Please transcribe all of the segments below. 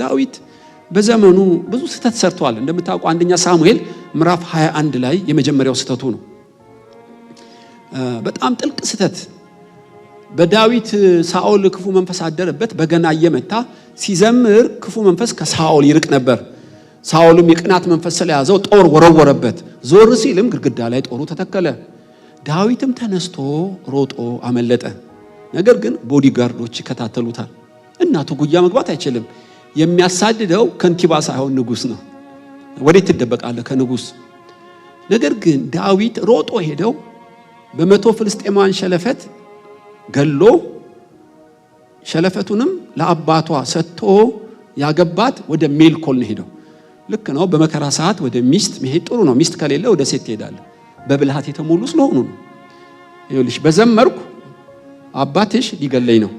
ዳዊት በዘመኑ ብዙ ስህተት ሰርቷል። እንደምታውቁ አንደኛ ሳሙኤል ምዕራፍ 21 ላይ የመጀመሪያው ስህተቱ ነው። በጣም ጥልቅ ስህተት። በዳዊት ሳኦል ክፉ መንፈስ አደረበት። በገና እየመታ ሲዘምር ክፉ መንፈስ ከሳኦል ይርቅ ነበር። ሳኦልም የቅናት መንፈስ ስለያዘው ጦር ወረወረበት። ዞር ሲልም ግድግዳ ላይ ጦሩ ተተከለ። ዳዊትም ተነስቶ ሮጦ አመለጠ። ነገር ግን ቦዲጋርዶች ይከታተሉታል። እናቱ ጉያ መግባት አይችልም። የሚያሳድደው ከንቲባ ሳይሆን ንጉስ ነው። ወዴት ትደበቃለ ከንጉስ ነገር ግን ዳዊት ሮጦ ሄደው በመቶ ፍልስጤማን ሸለፈት ገሎ ሸለፈቱንም ለአባቷ ሰጥቶ ያገባት ወደ ሜልኮል ነው ሄደው። ልክ ነው። በመከራ ሰዓት ወደ ሚስት መሄድ ጥሩ ነው። ሚስት ከሌለ ወደ ሴት ትሄዳለ በብልሃት የተሞሉ ስለሆኑ ነው። ይኸውልሽ በዘመርኩ አባትሽ ሊገለኝ ነው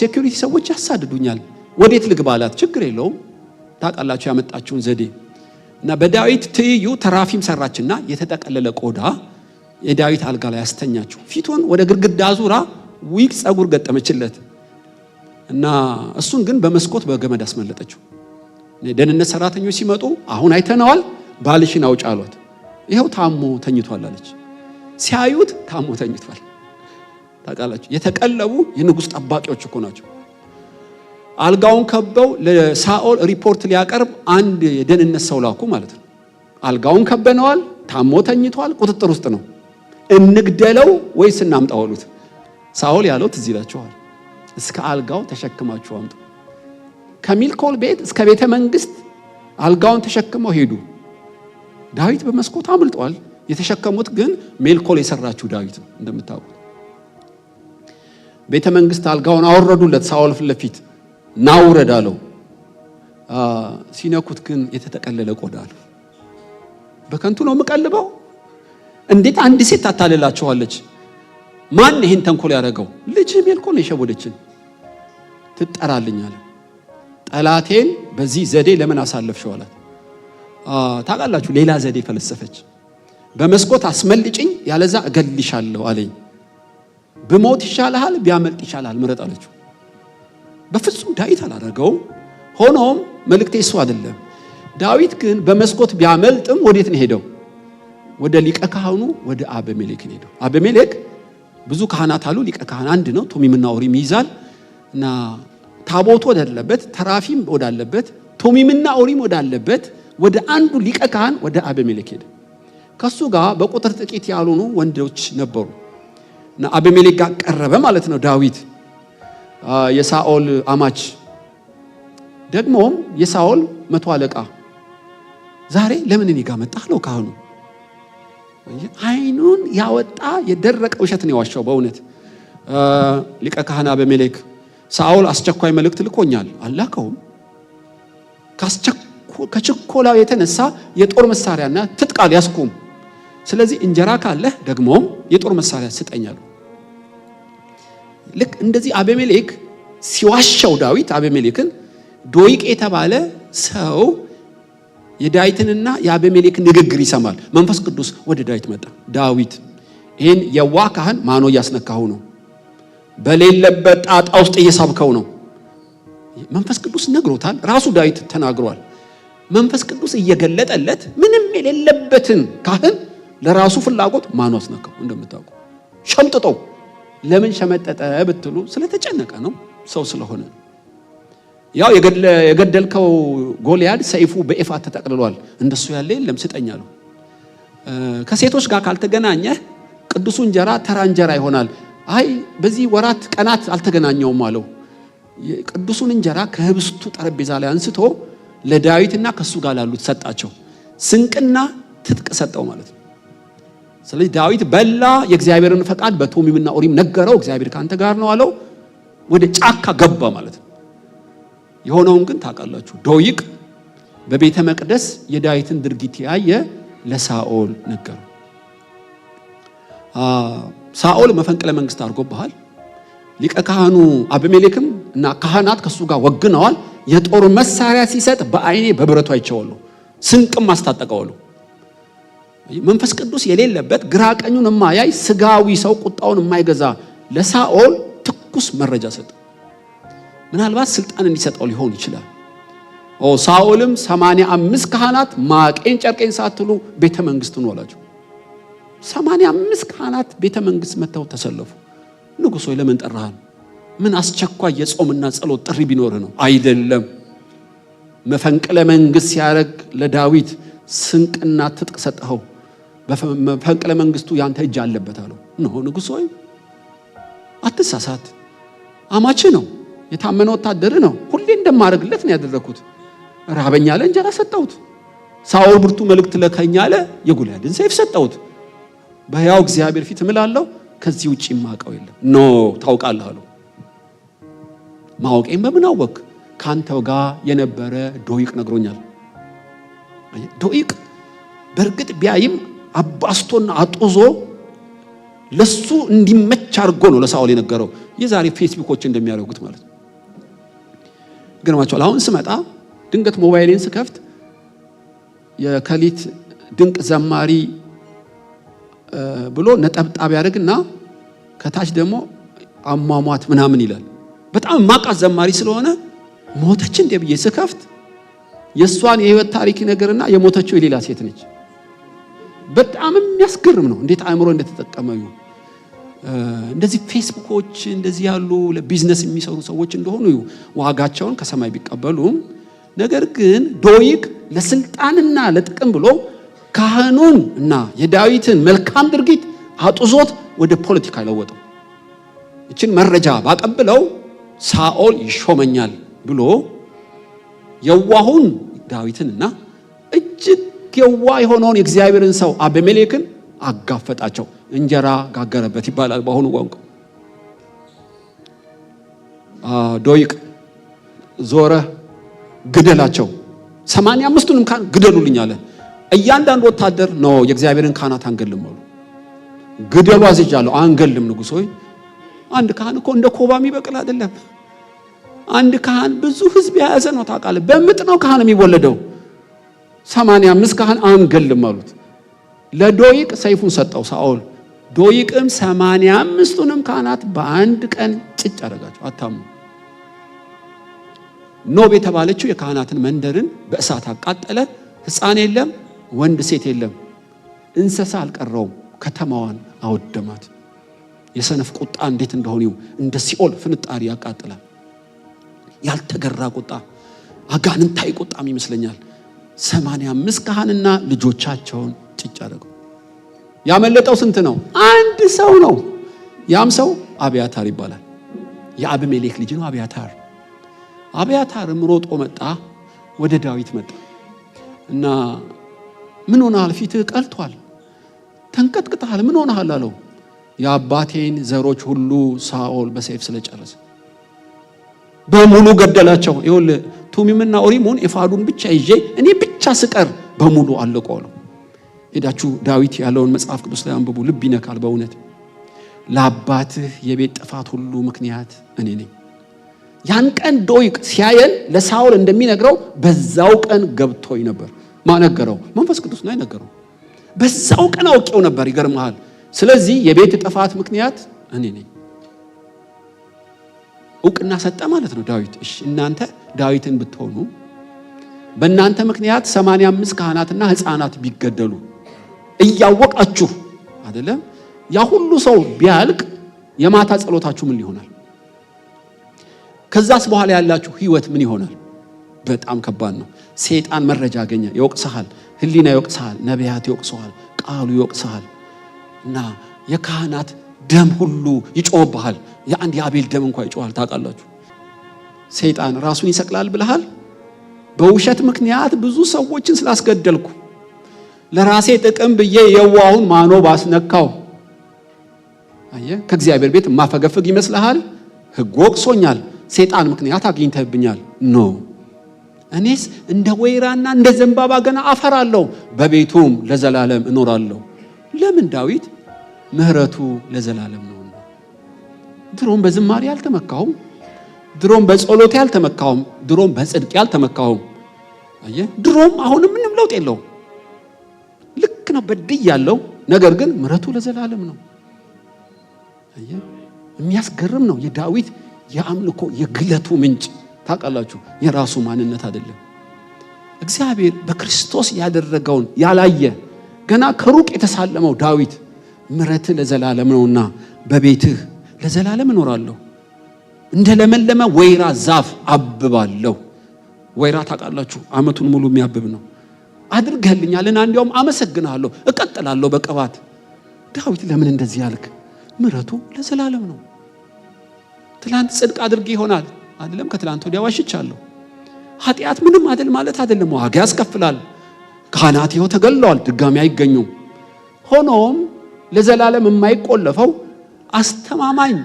ሴኪሪቲ ሰዎች ያሳድዱኛል ወዴት ልግባ አላት። ችግር የለውም ታውቃላችሁ ያመጣችውን ዘዴ እና በዳዊት ትይዩ ተራፊም ሰራችና የተጠቀለለ ቆዳ የዳዊት አልጋ ላይ ያስተኛችው። ፊቱን ወደ ግድግዳ ዙራ ዊግ ጸጉር ገጠመችለት እና እሱን ግን በመስኮት በገመድ አስመለጠችው። ደህንነት ሰራተኞች ሲመጡ አሁን አይተነዋል፣ ባልሽን አውጭ አሏት። ይኸው ታሞ ተኝቷል አለች። ሲያዩት ታሞ ተኝቷል። ታውቃላችሁ የተቀለቡ የንጉሥ ጠባቂዎች እኮ ናቸው። አልጋውን ከበው ለሳኦል ሪፖርት ሊያቀርብ አንድ የደህንነት ሰው ላኩ ማለት ነው። አልጋውን ከበነዋል። ታሞ ተኝቷል። ቁጥጥር ውስጥ ነው። እንግደለው ወይስ እናምጣው አሉት። ሳኦል ያለው ትዝ ይላችኋል። እስከ አልጋው ተሸክማችሁ አምጡ ከሚልኮል ቤት እስከ ቤተ መንግስት አልጋውን ተሸክመው ሄዱ። ዳዊት በመስኮት አምልጧል። የተሸከሙት ግን ሜልኮል የሰራችው ዳዊት ነው እንደምታውቁት። ቤተ መንግስት አልጋውን አወረዱለት ሳኦል ፊት ለፊት ናውረድ አለው። ሲነኩት ግን የተጠቀለለ ቆዳ ነው። በከንቱ ነው የምቀልበው? እንዴት አንድ ሴት ታታልላችኋለች? ማን ይህን ተንኮል ያደረገው? ልጅ ሜልኮ ነው የሸወደችን። ትጠራልኛለ። ጠላቴን በዚህ ዘዴ ለምን አሳለፍሽው አላት። ታውቃላችሁ፣ ሌላ ዘዴ ፈለሰፈች። በመስኮት አስመልጭኝ፣ ያለዛ እገልሻለሁ አለኝ። ብሞት ይሻልሃል፣ ቢያመልጥ ይሻልሃል፣ ምረጥ አለችው። በፍጹም ዳዊት አላደረገው ሆኖም መልእክቴ እሱ አይደለም። ዳዊት ግን በመስኮት ቢያመልጥም ወዴት ነው ሄደው? ወደ ሊቀ ካህኑ ወደ አበሜሌክ ሄደው። አበሜሌክ ብዙ ካህናት አሉ። ሊቀ ካህን አንድ ነው። እና ኦሪም ይይዛል እና ታቦቱ ወዳለበት ተራፊም ወዳለበት ቶሚምና ኦሪም ወዳለበት ወደ አንዱ ሊቀ ካህን ወደ አበሜሌክ ሄደ። ከሱ ጋር በቁጥር ጥቂት ያልሆኑ ወንዶች ነበሩ እና አበሜሌክ ጋር ቀረበ ማለት ነው ዳዊት የሳኦል አማች ደግሞም የሳኦል መቶ አለቃ ዛሬ ለምን እኔ ጋር መጣህ ነው ካህኑ። አይኑን ያወጣ የደረቀ ውሸት ነው የዋሻው። በእውነት ሊቀ ካህና በሜሌክ ሳኦል አስቸኳይ መልእክት ልኮኛል። አላከውም። ከችኮላው የተነሳ የጦር መሳሪያና ትጥቃል ያስኩም ስለዚህ እንጀራ ካለህ ደግሞም የጦር መሳሪያ ስጠኛሉ ልክ እንደዚህ አቤሜሌክ ሲዋሻው ዳዊት አቤሜሌክን ዶይቅ የተባለ ሰው የዳዊትንና የአቤሜሌክን ንግግር ይሰማል። መንፈስ ቅዱስ ወደ ዳዊት መጣ። ዳዊት ይህን የዋ ካህን ማኖ እያስነካው ነው፣ በሌለበት ጣጣ ውስጥ እየሳብከው ነው። መንፈስ ቅዱስ ነግሮታል። ራሱ ዳዊት ተናግሯል። መንፈስ ቅዱስ እየገለጠለት ምንም የሌለበትን ካህን ለራሱ ፍላጎት ማኖ አስነካው። እንደምታውቁ ሸምጥጠው ለምን ሸመጠጠ ብትሉ ስለተጨነቀ ነው፣ ሰው ስለሆነ። ያው የገደልከው ጎልያድ ሰይፉ በኤፋ ተጠቅልሏል፣ እንደሱ ያለ የለም ስጠኝ ከሴቶች ጋር ካልተገናኘ ቅዱሱ እንጀራ ተራ እንጀራ ይሆናል። አይ በዚህ ወራት ቀናት አልተገናኘውም አለው። ቅዱሱን እንጀራ ከህብስቱ ጠረጴዛ ላይ አንስቶ ለዳዊትና ከሱ ጋር ላሉት ሰጣቸው። ስንቅና ትጥቅ ሰጠው ማለት ነው። ስለዚህ ዳዊት በላ፣ የእግዚአብሔርን ፈቃድ በቶሚምና ኦሪም ነገረው። እግዚአብሔር ካንተ ጋር ነው አለው። ወደ ጫካ ገባ ማለት ነው። የሆነውን ግን ታውቃላችሁ። ዶይቅ በቤተ መቅደስ የዳዊትን ድርጊት ያየ ለሳኦል ነገረው። ሳኦል መፈንቅለ መንግስት አድርጎብሃል፣ ሊቀ ካህኑ አብሜሌክም እና ካህናት ከእሱ ጋር ወግነዋል። የጦር መሳሪያ ሲሰጥ በአይኔ በብረቱ አይቸዋሉ ስንቅም አስታጠቀዋሉ። መንፈስ ቅዱስ የሌለበት ግራ ቀኙን የማያይ ስጋዊ ሰው ቁጣውን የማይገዛ ለሳኦል ትኩስ መረጃ ሰጠ። ምናልባት ስልጣን እንዲሰጠው ሊሆን ይችላል። ኦ ሳኦልም ሰማንያ አምስት ካህናት ማቄን ጨርቄን ሳትሉ ቤተ መንግስት ነው አላቸው። 85 ካህናት ቤተ መንግስት መጥተው ተሰለፉ። ንጉሥ ለምን ጠራሃል? ምን አስቸኳይ የጾምና ጸሎት ጥሪ ቢኖር ነው? አይደለም መፈንቅለ መንግስት ሲያደርግ ለዳዊት ስንቅና ትጥቅ ሰጠኸው። በፈንቅለ መንግስቱ ያንተ እጅ አለበት አለው። ነው ንጉሥ ሆይ አትሳሳት፣ አማች ነው የታመነ ወታደር ነው። ሁሌ እንደማደርግለት ነው ያደረግኩት። ራበኛ አለ፣ እንጀራ ሰጠሁት። ሳውል ብርቱ መልእክት ለከኝ አለ፣ የጎልያድን ሰይፍ ሰጠሁት። በሕያው እግዚአብሔር ፊት እምላለሁ ከዚህ ውጭ ማቀው የለም። ኖ ታውቃለህ አለው። ማወቄም በምን አወቅ? ካንተው ጋር የነበረ ዶይቅ ነግሮኛል። ዶይቅ በእርግጥ ቢያይም አባስቶና አጦዞ ለሱ እንዲመች አድርጎ ነው ለሳኦል የነገረው። የዛሬ ፌስቡኮች እንደሚያደርጉት ማለት ነው። ገርማቸዋል። አሁን ስመጣ ድንገት ሞባይሌን ስከፍት የከሊት ድንቅ ዘማሪ ብሎ ነጠብጣብ ያደርግና ከታች ደግሞ አሟሟት ምናምን ይላል። በጣም ማቃት ዘማሪ ስለሆነ ሞተች እንደ ብዬ ስከፍት የእሷን የህይወት ታሪክ ነገርና የሞተችው የሌላ ሴት ነች። በጣም የሚያስገርም ነው እንዴት አእምሮ እንደተጠቀመ እንደዚህ ፌስቡኮች እንደዚህ ያሉ ለቢዝነስ የሚሰሩ ሰዎች እንደሆኑ ዋጋቸውን ከሰማይ ቢቀበሉም ነገር ግን ዶይቅ ለስልጣንና ለጥቅም ብሎ ካህኑን እና የዳዊትን መልካም ድርጊት አጡዞት ወደ ፖለቲካ ለወጠው። ይችን መረጃ ባቀብለው ሳኦል ይሾመኛል ብሎ የዋሁን ዳዊትንና እጅግ የዋ የሆነውን የእግዚአብሔርን ሰው አቤሜሌክን አጋፈጣቸው፣ እንጀራ ጋገረበት ይባላል በአሁኑ ቋንቋ። ዶይቅ ዞረ ግደላቸው፣ ሰማንያ አምስቱንም ካን ግደሉልኝ አለ። እያንዳንዱ ወታደር ነው የእግዚአብሔርን ካህናት አንገልም አሉ። ግደሉ አዝጃለሁ፣ አንገልም ንጉሥ ሆይ። አንድ ካህን እኮ እንደ ኮባ የሚበቅል አይደለም። አንድ ካህን ብዙ ህዝብ የያዘ ነው ታቃለ በምጥ ነው ካህን የሚወለደው። 85 ካህን አንገልም አሉት። ለዶይቅ ሰይፉን ሰጠው ሳኦል። ዶይቅም 85ቱንም ካህናት በአንድ ቀን ጭጭ አደረጋቸው፣ አታሙ። ኖብ የተባለችው የካህናትን መንደርን በእሳት አቃጠለ። ሕፃን የለም፣ ወንድ ሴት የለም፣ እንስሳ አልቀረውም። ከተማዋን አወደማት። የሰነፍ ቁጣ እንዴት እንደሆነው እንደ ሲኦል ፍንጣሪ ያቃጥላል። ያልተገራ ቁጣ፣ አጋንንታዊ ቁጣም ይመስለኛል። ሰማንያ አምስት ካህንና ልጆቻቸውን ጭጭ አደረጉ። ያመለጠው ስንት ነው? አንድ ሰው ነው። ያም ሰው አብያታር ይባላል። የአብሜሌክ ልጅ ነው አብያታር። አብያታርም ሮጦ መጣ፣ ወደ ዳዊት መጣ እና ምን ሆነሃል? ፊትህ ቀልቷል፣ ተንቀጥቅጠሃል፣ ምን ሆነሃል አለው። የአባቴን ዘሮች ሁሉ ሳኦል በሰይፍ ስለጨረሰ በሙሉ ገደላቸው። ይሁል ቱሚምና ኦሪሙን የፋዱን ብቻ ይዤ እኔ ብቻ ስቀር በሙሉ አለቆ ነው። ሄዳችሁ ዳዊት ያለውን መጽሐፍ ቅዱስ ላይ አንብቡ። ልብ ይነካል በእውነት ለአባትህ የቤት ጥፋት ሁሉ ምክንያት እኔ ነኝ። ያን ቀን ዶይቅ ሲያየን ለሳውል እንደሚነግረው በዛው ቀን ገብቶኝ ነበር። ማነገረው መንፈስ ቅዱስ ነው አይነገረው በዛው ቀን አውቄው ነበር። ይገርመሃል። ስለዚህ የቤት ጥፋት ምክንያት እኔ ነኝ። እውቅና ሰጠ ማለት ነው ዳዊት። እሺ እናንተ ዳዊትን ብትሆኑ በእናንተ ምክንያት 85 ካህናትና ህፃናት ቢገደሉ እያወቃችሁ አይደለም ያ ሁሉ ሰው ቢያልቅ የማታ ጸሎታችሁ ምን ይሆናል? ከዛስ በኋላ ያላችሁ ህይወት ምን ይሆናል? በጣም ከባድ ነው። ሰይጣን መረጃ አገኘ፣ ይወቅሰሃል፣ ህሊና ይወቅሰሃል፣ ነቢያት ይወቅሰሃል፣ ቃሉ ይወቅሰሃል እና የካህናት ደም ሁሉ ይጮባሃል የአንድ የአቤል ደም እንኳ ይጮሃል። ታውቃላችሁ ሰይጣን ራሱን ይሰቅላል ብለሃል። በውሸት ምክንያት ብዙ ሰዎችን ስላስገደልኩ ለራሴ ጥቅም ብዬ የዋሁን ማኖ ባስነካው። አየ ከእግዚአብሔር ቤት ማፈገፍግ ይመስልሃል? ህግ ወቅሶኛል፣ ሰይጣን ምክንያት አግኝተብኛል። ኖ እኔስ እንደ ወይራና እንደ ዘንባባ ገና አፈራለሁ፣ በቤቱም ለዘላለም እኖራለሁ። ለምን ዳዊት ምህረቱ ለዘላለም ነውና። ድሮም በዝማሬ አልተመካሁም። ድሮም በጸሎቴ አልተመካሁም፣ ድሮም በጽድቄ አልተመካሁም። አየ ድሮም አሁንም ምንም ለውጥ የለውም። ልክ ነው፣ ያለው ነገር ግን ምረቱ ለዘላለም ነው። አየ የሚያስገርም ነው። የዳዊት የአምልኮ የግለቱ ምንጭ ታውቃላችሁ፣ የራሱ ማንነት አይደለም። እግዚአብሔር በክርስቶስ ያደረገውን ያላየ ገና ከሩቅ የተሳለመው ዳዊት ምረት ለዘላለም ነውና በቤትህ ለዘላለም እኖራለሁ እንደ ለመለመ ወይራ ዛፍ አብባለሁ። ወይራ ታውቃላችሁ፣ አመቱን ሙሉ የሚያብብ ነው። አድርገህልኛልን? እንዲያውም አመሰግናለሁ እቀጥላለሁ በቅባት ዳዊት ለምን እንደዚህ ያልክ? ምረቱ ለዘላለም ነው። ትላንት ጽድቅ አድርጌ ይሆናል አይደለም፣ ከትላንት ወዲያ ዋሽቻለሁ። ኃጢአት ምንም አይደል ማለት አይደለም፣ ዋጋ ያስከፍላል። ካህናት ይኸው ተገለዋል፣ ድጋሚ አይገኙም። ሆኖም ለዘላለም የማይቆለፈው አስተማማኝ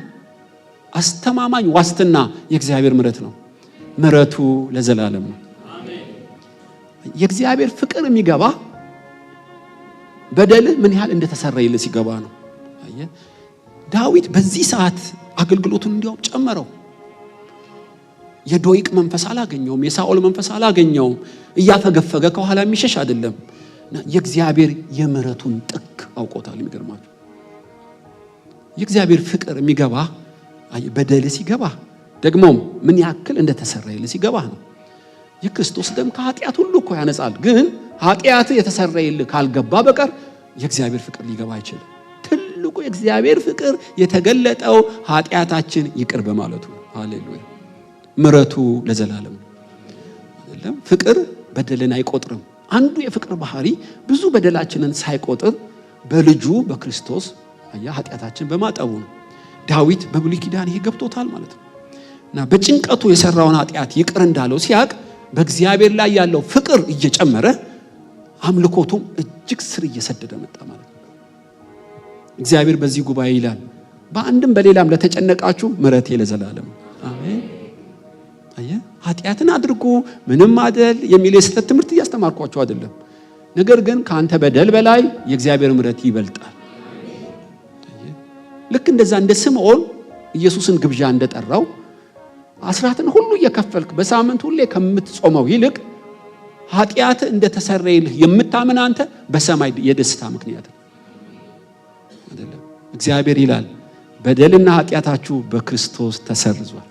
አስተማማኝ ዋስትና የእግዚአብሔር ምረት ነው። ምረቱ ለዘላለም ነው። የእግዚአብሔር ፍቅር የሚገባ በደል ምን ያህል እንደተሰረየልህ ሲገባ ነው። ዳዊት በዚህ ሰዓት አገልግሎቱን እንዲያውም ጨመረው። የዶይቅ መንፈስ አላገኘውም። የሳኦል መንፈስ አላገኘውም። እያፈገፈገ ከኋላ የሚሸሽ አይደለም። የእግዚአብሔር የምረቱን ጥግ አውቆታል። የሚገርማቸው የእግዚአብሔር ፍቅር የሚገባ በደል ሲገባ ደግሞም ምን ያክል እንደተሰረየል ሲገባ ነው። የክርስቶስ ደም ከኃጢአት ሁሉ እኮ ያነጻል። ግን ኃጢአት የተሰረየል ካልገባ በቀር የእግዚአብሔር ፍቅር ሊገባ አይችልም። ትልቁ የእግዚአብሔር ፍቅር የተገለጠው ኃጢአታችን ይቅር በማለቱ ሃሌሉያ። ምረቱ ለዘላለም አይደለም። ፍቅር በደልን አይቆጥርም። አንዱ የፍቅር ባህሪ ብዙ በደላችንን ሳይቆጥር በልጁ በክርስቶስ ያ ኃጢአታችን በማጠቡ ነው። ዳዊት በብሉይ ኪዳን ይሄ ገብቶታል ማለት ነው እና በጭንቀቱ የሰራውን ኃጢአት ይቅር እንዳለው ሲያቅ በእግዚአብሔር ላይ ያለው ፍቅር እየጨመረ አምልኮቱም እጅግ ስር እየሰደደ መጣ ማለት ነው። እግዚአብሔር በዚህ ጉባኤ ይላል በአንድም በሌላም ለተጨነቃችሁ ምረት ለዘላለም አሜን። ኃጢአትን አድርጉ ምንም አደል የሚል የስተት ትምህርት እያስተማርኳቸው አይደለም። ነገር ግን ከአንተ በደል በላይ የእግዚአብሔር ምረት ይበልጣል። ልክ እንደዛ እንደ ስምዖን ኢየሱስን ግብዣ እንደጠራው አስራትን ሁሉ እየከፈልክ በሳምንት ሁሌ ከምትጾመው ይልቅ ኃጢአት እንደተሰረየልህ የምታምን አንተ በሰማይ የደስታ ምክንያት ነው። እግዚአብሔር ይላል በደልና ኃጢአታችሁ በክርስቶስ ተሰርዟል።